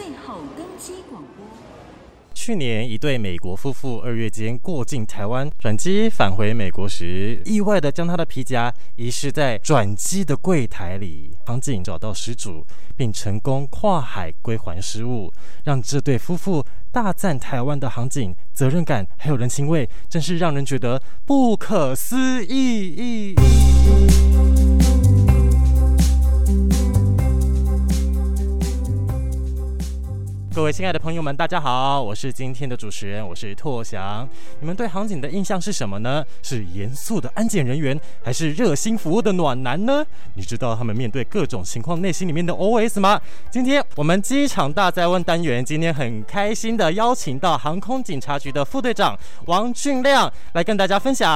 最後登機廣播。去年，一對美國夫婦二月間過境台灣轉機返回美國時，意外的將他的皮夾遺失在轉機的櫃檯裡。航警找到失主，並成功跨海歸還失物，讓這對夫婦大讚台灣的航警責任感還有人情味，真是讓人覺得不可思議。嗯親愛的朋友們，大家好，我是今天的主持人，我是拓翔。你們對航警的印象是什麼呢？是嚴肅的安檢人員，還是熱心服務的暖男呢？你知道他們面對各種情況內心裡面的 OS 嗎？今天我們機場大哉問單元，今天很開心的邀請到航空警察局的副隊長王俊喨來跟大家分享。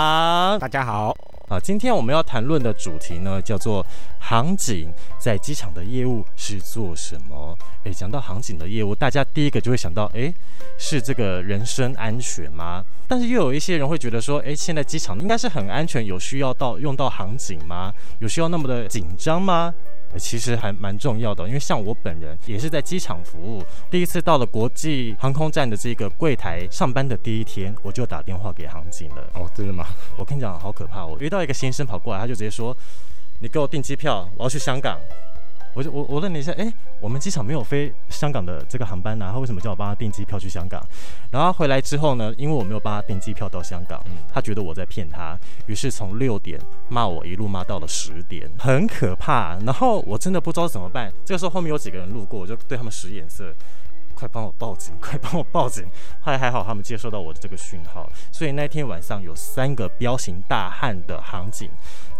大家好。啊，今天我們要談論的主題呢，叫做航警在機場的業務是做什麼？誒，講到航警的業務，大家第一個就會想到，誒，是這個人身安全嗎？但是又有一些人會覺得說，誒，現在機場應該是很安全，有需要到用到航警嗎？有需要那麼的緊張嗎？其實還蠻重要的，因為像我本人也是在機場服務，第一次到了國際航空站的這個櫃檯上班的第一天，我就打電話給航警了。哦，真的嗎？我跟你講，好可怕哦！我遇到一個先生跑過來，他就直接說：“你給我訂機票，我要去香港。”我我我問了一下，欸，我們機場沒有飛香港的這個航班呢？他為什麼叫我幫他訂機票去香港？然後回來之後呢，因為我沒有幫他訂機票到香港，他覺得我在騙他，於是從六點罵我，一路罵到了十點，很可怕。然後我真的不知道怎麼辦，這個時候後面有幾個人路過，我就對他們使眼色。快幫我報警！快幫我報警！後來還好，他們接收到我的這個訊號，所以那天晚上有三個彪形大漢的航警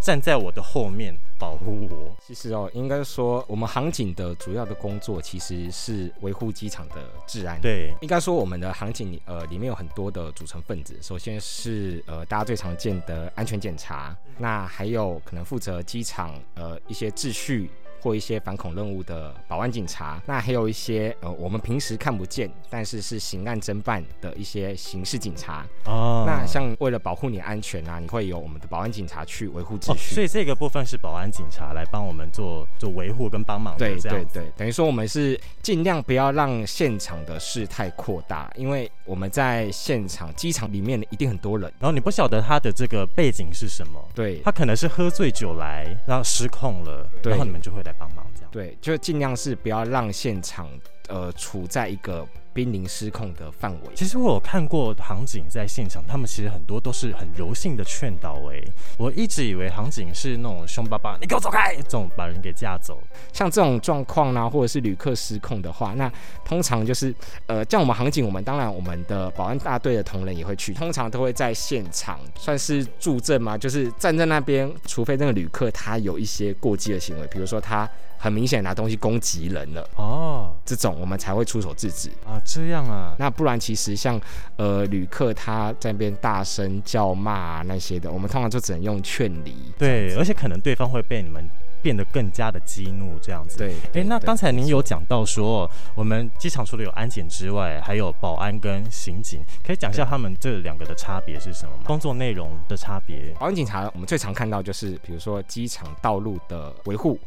站在我的後面保護我。其實哦，應該說我們航警的主要的工作其實是維護機場的治安。對，應該說我們的航警呃裡面有很多的組成分子，首先是呃大家最常見的安全檢查，那還有可能負責機場呃一些秩序。或一些反恐任務的保安警察，那還有一些呃，我們平時看不見，但是是刑案偵辦的一些刑事警察。哦，那像為了保護你安全啊，你會有我們的保安警察去維護秩序。哦，所以這個部分是保安警察來幫我們做做維護跟幫忙。對，這樣，對對，等於說我們是儘量不要讓現場的事態擴大，因為我們在現場機場裡面一定很多人，然後你不曉得他的這個背景是什麼，對，他可能是喝醉酒來，然後失控了，對然後你們就會來。幫忙這樣對，就盡量是不要讓現場呃，處在一個。瀕臨失控的範圍。其實我有看過航警在現場，他們其實很多都是很柔性的勸導、欸。誒，我一直以為航警是那種凶巴巴，你給我走開，這種把人給架走。像這種狀況呢、啊，或者是旅客失控的話，那通常就是呃，像我們航警，我們當然我們的保安大隊的同仁也會去，通常都會在現場算是助陣嘛，就是站在那邊，除非那個旅客他有一些過激的行為，比如說他。很明顯拿東西攻擊人了哦，oh. 這種我們才會出手制止啊。這樣啊，那不然其實像呃旅客他在那邊大聲叫罵、啊、那些的，我們通常就只能用勸離。對，而且可能對方會被你們變得更加的激怒這樣子。對，誒、欸，那剛才您有講到說，我們機場除了有安檢之外，還有保安跟刑警，可以講一下他們這兩個的差別是什麼嗎？對。工作內容的差別。保安警察我們最常看到就是比如說機場道路的維護。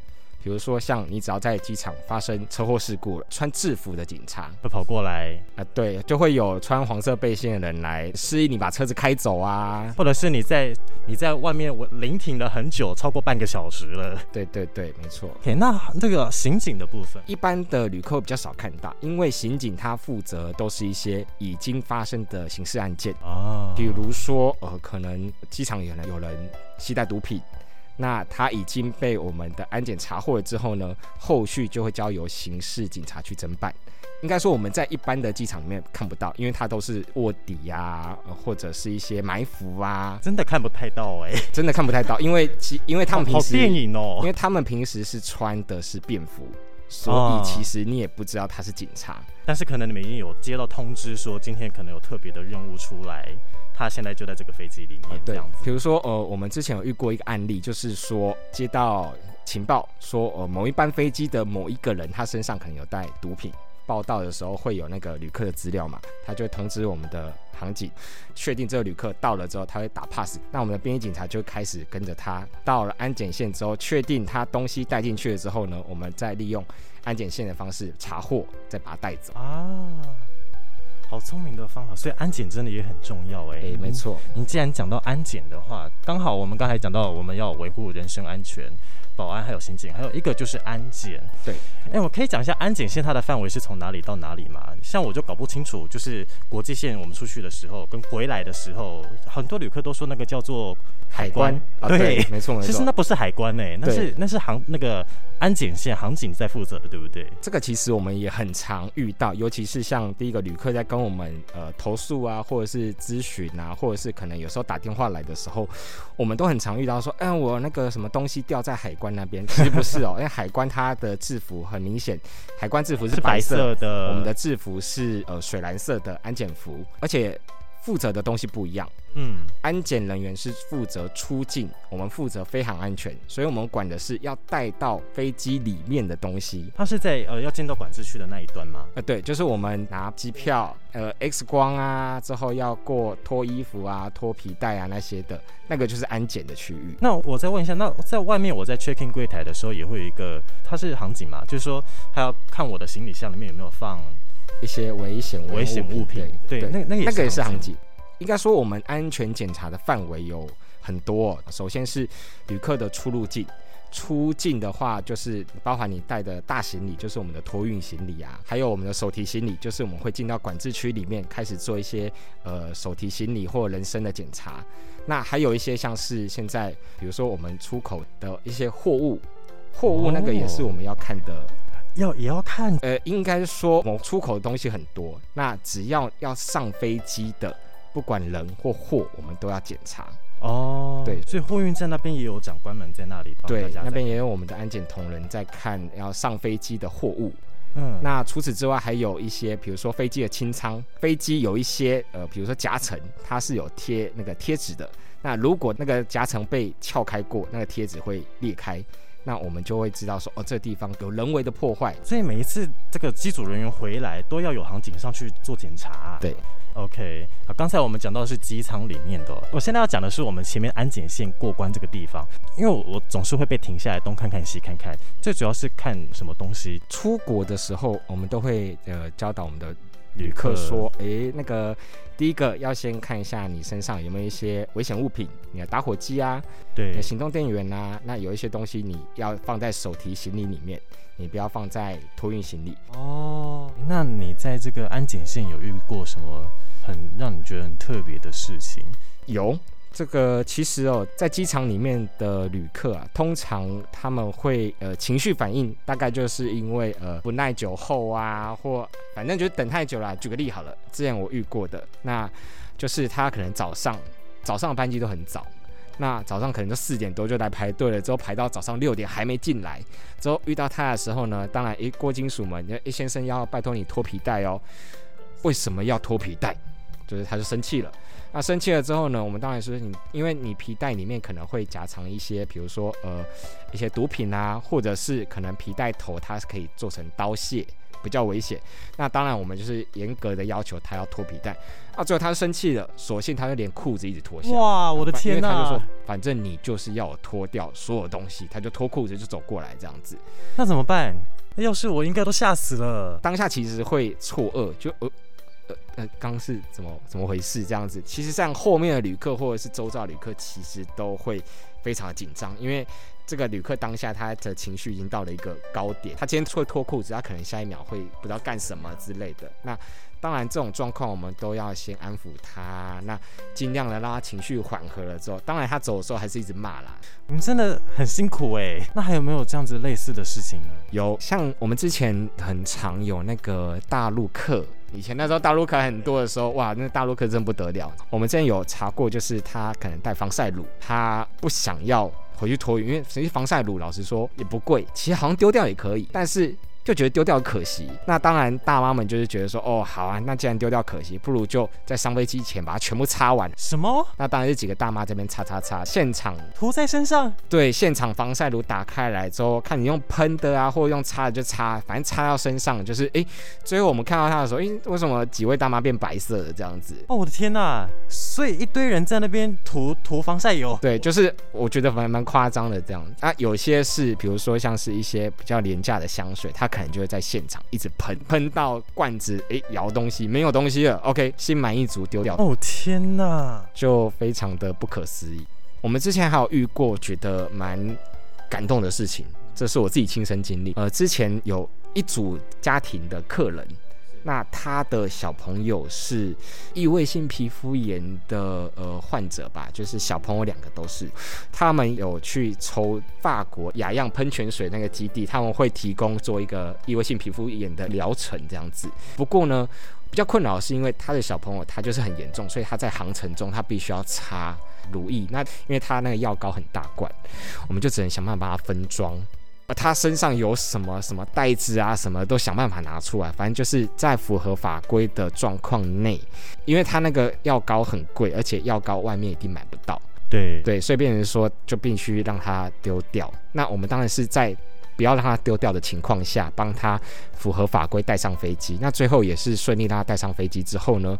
比如說，像你只要在機場發生車禍事故了，穿制服的警察會跑過來啊、呃，對，就會有穿黃色背心的人來示意你把車子開走啊，或者是你在你在外面我臨停了很久，超過半個小時了，對對對，沒錯。OK，那那個刑警的部分，一般的旅客比較少看到，因為刑警他負責都是一些已經發生的刑事案件啊，oh. 比如說呃，可能機場原來有人攜帶毒品。那他已經被我們的安檢查獲了之後呢，後續就會交由刑事警察去偵辦。應該說我們在一般的機場裡面看不到，因為他都是臥底呀、啊，或者是一些埋伏啊，真的看不太到哎、欸，真的看不太到，因為其因為他們平時好，好電影哦，因為他們平時是穿的是便服。所以其實你也不知道他是警察，哦、但是可能你們已經有接到通知說今天可能有特別的任務出來，他現在就在這個飛機裡面這樣子。啊、比如說呃，我們之前有遇過一個案例，就是說接到情報說呃某一班飛機的某一個人，他身上可能有帶毒品。報到的時候會有那個旅客的資料嘛？他就通知我們的航警，確定這個旅客到了之後，他會打 pass。那我們的便衣警察就開始跟着他到了安檢線之後，確定他東西帶進去了之後呢，我們再利用安檢線的方式查獲，再把他帶走。啊，好聰明的方法！所以安檢真的也很重要哎、欸。沒錯、嗯。你既然講到安檢的話，剛好我們剛才講到我們要維護人身安全。保安還有刑警，還有一個就是安檢。對，哎、欸，我可以講一下安檢線它的範圍是從哪裡到哪裡嗎？像我就搞不清楚，就是國際線我們出去的時候跟回來的時候，很多旅客都說那個叫做海關，海關。啊，對，沒錯沒錯，其實那不是海關呢對，那是那是航那個安檢線，航警在負責的，對不對？這個其實我們也很常遇到，尤其是像第一個旅客在跟我們呃投訴啊，或者是諮詢啊，或者是可能有時候打電話來的時候，我們都很常遇到說，哎、欸，我那個什麼東西掉在海關。關那邊其實不是哦、喔， 因為海關它的制服很明顯，海關制服是白色，是白色的，我們的制服是呃水藍色的安檢服，而且。負責的東西不一樣，嗯，安檢人員是負責出境，我們負責飛航安全，所以我們管的是要帶到飛機裡面的東西。他是在呃要進到管制區的那一端嗎？呃，對，就是我們拿機票，呃，X 光啊，之後要過脫衣服啊、脫皮帶啊那些的，那個就是安檢的區域。那我再問一下，那在外面我在 check-in 櫃檯的時候也會有一個，他是航警嘛？就是說他要看我的行李箱裡面有沒有放。一些危險危險物品，對，那對那個那個也是航警。應該說，我們安全檢查的範圍有很多哦，首先是旅客的出入境，出境的話就是包含你帶的大行李，就是我們的托運行李啊，還有我們的手提行李，就是我們會進到管制區裡面開始做一些呃手提行李或人身的檢查。那還有一些像是現在，比如說我們出口的一些貨物，貨物那個也是我們要看的哦。要也要看，呃，應該說某出口的東西很多，那只要要上飛機的，不管人或貨，我們都要檢查哦。對，所以貨運站那邊也有長官們在那裡，對，那邊也有我們的安檢同仁在看要上飛機的貨物。嗯，那除此之外，還有一些，比如說飛機的清倉，飛機有一些，呃，比如說夾層，它是有貼那個貼紙的。那如果那個夾層被撬開過，那個貼紙會裂開。那我們就會知道說，哦，這個地方有人為的破壞，所以每一次這個機組人員回來，都要有航警上去做檢查啊。對，OK。好，剛才我們講到的是機艙裡面的，我現在要講的是我們前面安檢線過關這個地方，因為我我總是會被停下來，東看看西看看，最主要是看什麼東西？出國的時候，我們都會呃教導我們的。旅客，旅客說：“哎、欸，那個，第一個要先看一下你身上有沒有一些危險物品，你的打火機啊，對，行動電源啊。那有一些東西你要放在手提行李裡面，你不要放在托運行李。”哦，那你在這個安檢線有遇過什麼很讓你覺得很特別的事情？有。這個其實哦，在機場裡面的旅客啊，通常他們會呃情緒反應，大概就是因為呃不耐久候啊，或反正就是等太久了。舉個例好了，之前我遇過的，那就是他可能早上早上班機都很早，那早上可能就四點多就來排隊了，之後排到早上六點還沒進來，之後遇到他的時候呢，當然誒，過金屬門，誒，先生要拜託你脫皮帶哦，為什麼要脫皮帶？就是他就生氣了。那生氣了之後呢？我們當然說你，因為你皮帶裡面可能會夾藏一些，比如說呃一些毒品啊，或者是可能皮帶頭它是可以做成刀械，比較危險。那當然我們就是嚴格的要求他要脫皮帶。啊，最後他生氣了，索性他就連褲子一直脫下來。哇，我的天哪、啊！因為他就說，反正你就是要脫掉所有東西，他就脫褲子就走過來這樣子。那怎麼辦？要是我應該都嚇死了。當下其實會錯愕，就呃。呃呃，剛、呃、是怎麼怎麼回事？這樣子，其實像後面的旅客或者是周遭的旅客，其實都會非常的緊張，因為這個旅客當下他的情緒已經到了一個高點，他今天會脫褲子，他可能下一秒會不知道幹什麼之類的。那當然，這種狀況我們都要先安撫他，那儘量的讓他情緒緩和了之後，當然他走的時候還是一直罵啦。你們真的很辛苦誒、欸，那還有沒有這樣子類似的事情呢？有，像我們之前很常有那個大陸客。以前那時候大陸客很多的時候，哇，那個、大陸客真不得了。我們之前有查過，就是他可能帶防曬乳，他不想要回去托運，因為其實防曬乳老實說也不貴，其實好像丟掉也可以，但是，就覺得丟掉可惜，那當然大媽們就是覺得說，哦，好啊，那既然丟掉可惜，不如就在上飛機前把它全部擦完。什麼？那當然是幾個大媽這邊擦擦擦，現場塗在身上。對，現場防曬乳打開來之後，看你用噴的啊，或者用擦的就擦，反正擦到身上就是誒、欸。最後我們看到他的時候，因、欸、為為什麼幾位大媽變白色的這樣子？哦，我的天哪、啊！所以一堆人在那邊塗塗防曬油。對，就是我覺得反正蠻誇張的這樣子。啊，有些是比如說像是一些比較廉價的香水，它。可能就會在現場一直噴，噴到罐子，誒、欸，搖東西沒有東西了，OK，心滿意足丟掉。哦天哪，就非常的不可思議。我們之前還有遇過覺得蠻感動的事情，這是我自己親身經歷。呃，之前有一組家庭的客人。那他的小朋友是異位性皮膚炎的呃患者吧，就是小朋友兩個都是，他們有去抽法國雅漾噴泉水那個基地，他們會提供做一個異位性皮膚炎的療程這樣子。不過呢，比較困擾是因為他的小朋友他就是很嚴重，所以他在航程中他必須要擦乳液，那因為他那個藥膏很大罐，我們就只能想辦法把它分裝。他身上有什麼什麼帶子啊，什麼都想辦法拿出來，反正就是在符合法規的狀況內，因為他那個藥膏很貴，而且藥膏外面一定買不到對。對對，所以變成說就必須讓他丟掉。那我們當然是在不要讓他丟掉的情況下，幫他符合法規帶上飛機。那最後也是順利讓他帶上飛機之後呢，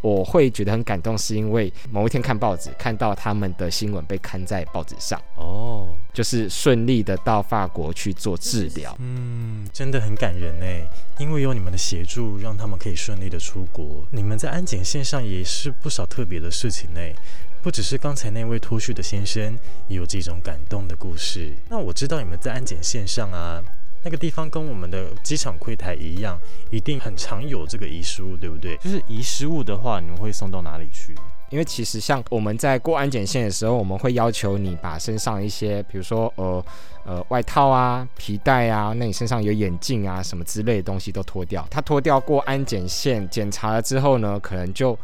我會覺得很感動，是因為某一天看報紙，看到他們的新聞被刊在報紙上。哦。就是順利的到法國去做治療，嗯，真的很感人哎、欸，因為有你們的協助，讓他們可以順利的出國。你們在安檢線上也是不少特別的事情呢、欸，不只是剛才那位脫序的先生，也有這種感動的故事。那我知道你們在安檢線上啊，那個地方跟我們的機場櫃台一樣，一定很常有這個遺失物，對不對？就是遺失物的話，你們會送到哪裡去？因為其實像我們在過安檢線的時候，我們會要求你把身上一些，比如說呃呃外套啊、皮帶啊，那你身上有眼鏡啊什麼之類的東西都脫掉。他脫掉過安檢線檢查了之後呢，可能就。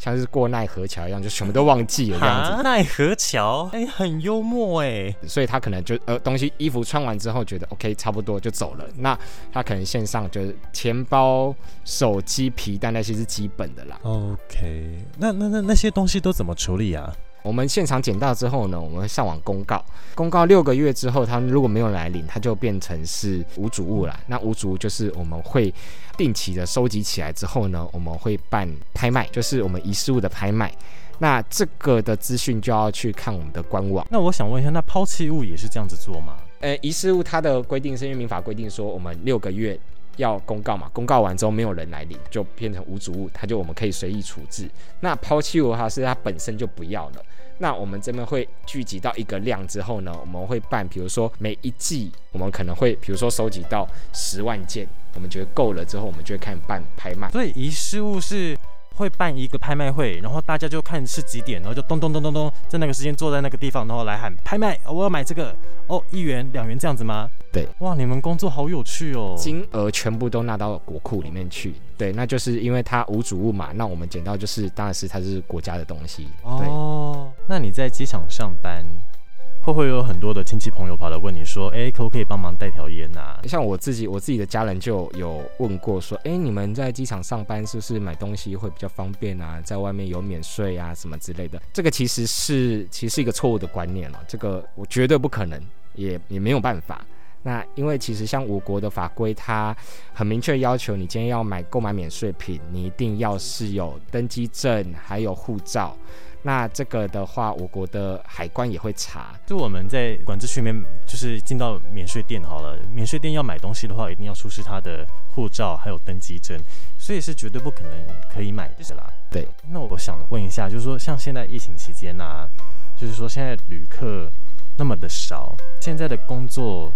像是過奈何橋一樣，就什麼都忘記了這樣子。奈何橋，哎、欸，很幽默哎、欸。所以他可能就呃，東西衣服穿完之後覺得 OK，差不多就走了。那他可能線上就是錢包、手機、皮帶那些是基本的啦。OK，那那那那些東西都怎麼處理啊？我們現場撿到之後呢，我們會上網公告，公告六個月之後，他如果沒有來領，他就變成是無主物了。那無主物就是我們會定期的收集起來之後呢，我們會辦拍賣，就是我們遺失物的拍賣。那這個的資訊就要去看我們的官網。那我想問一下，那拋棄物也是這樣子做嗎？呃，遺失物它的規定是因為民法規定說，我們六個月要公告嘛，公告完之後沒有人來領，就變成無主物，它就我們可以隨意處置。那拋棄物它是它本身就不要了，那我們這邊會聚集到一個量之後呢，我們會辦，比如說每一季我們可能會，比如說收集到十萬件，我們覺得夠了之後，我們就會開始辦拍賣。所以遺失物是。會辦一個拍賣會，然後大家就看是幾點，然後就咚咚咚咚咚，在那個時間坐在那個地方，然後來喊拍賣，我要買這個哦，一元、兩元這樣子嗎？對，哇，你們工作好有趣哦！金額全部都拿到國庫裡面去，對，那就是因為它無主物嘛。那我們撿到就是，當然是它是國家的東西。對哦，那你在機場上班？會不會有很多的親戚朋友跑來問你說，哎，可不可以幫忙帶條煙啊？像我自己，我自己的家人就有問過說，哎，你們在機場上班是不是買東西會比較方便啊？在外面有免稅啊什麼之類的？這個其實是其實是一個錯誤的觀念哦、啊，這個我絕對不可能，也也沒有辦法。那因為其實像我國的法規，它很明確要求你今天要買購買免稅品，你一定要是有登機證，還有護照。那這個的話，我國的海關也會查。就我們在管制區裡面，就是進到免稅店好了，免稅店要買東西的話，一定要出示他的護照還有登機證，所以是絕對不可能可以買的啦。對，那我想問一下，就是說像現在疫情期間吶、啊，就是說現在旅客那麼的少，現在的工作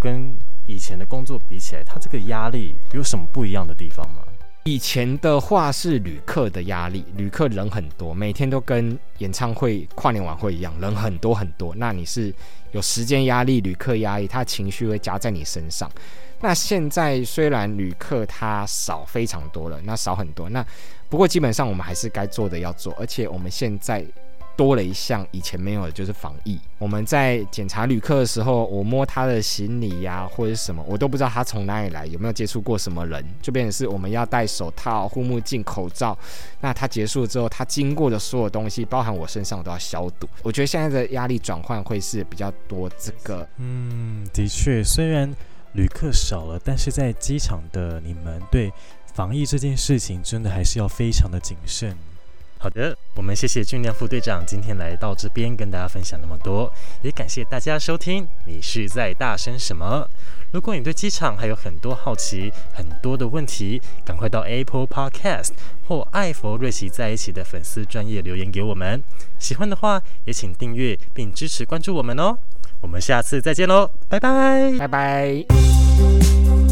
跟以前的工作比起來，他這個壓力有什麼不一樣的地方嗎？以前的話是旅客的壓力，旅客人很多，每天都跟演唱會、跨年晚會一樣，人很多很多。那你是有時間壓力、旅客壓力，他情緒會加在你身上。那現在雖然旅客他少非常多了，那少很多。那不過基本上我們還是該做的要做，而且我們現在。多了一項以前沒有的，就是防疫。我們在檢查旅客的時候，我摸他的行李呀、啊，或者什麼，我都不知道他從哪裡來，有沒有接觸過什麼人，就變成是我們要戴手套、護目鏡、口罩。那他結束之後，他經過的所有的東西，包含我身上，我都要消毒。我覺得現在的壓力轉換會是比較多。這個，嗯，的確，雖然旅客少了，但是在機場的你們對防疫這件事情，真的還是要非常的謹慎。好的，我們謝謝俊喨副隊長今天來到這邊跟大家分享那麼多，也感謝大家收聽。你是在大聲什麼？如果你對機場還有很多好奇、很多的問題，趕快到 Apple Podcast 或艾弗瑞淇在一起的粉絲專頁留言給我們。喜歡的話，也請訂閱並支持關注我們哦。我們下次再見嘍，拜拜，拜拜。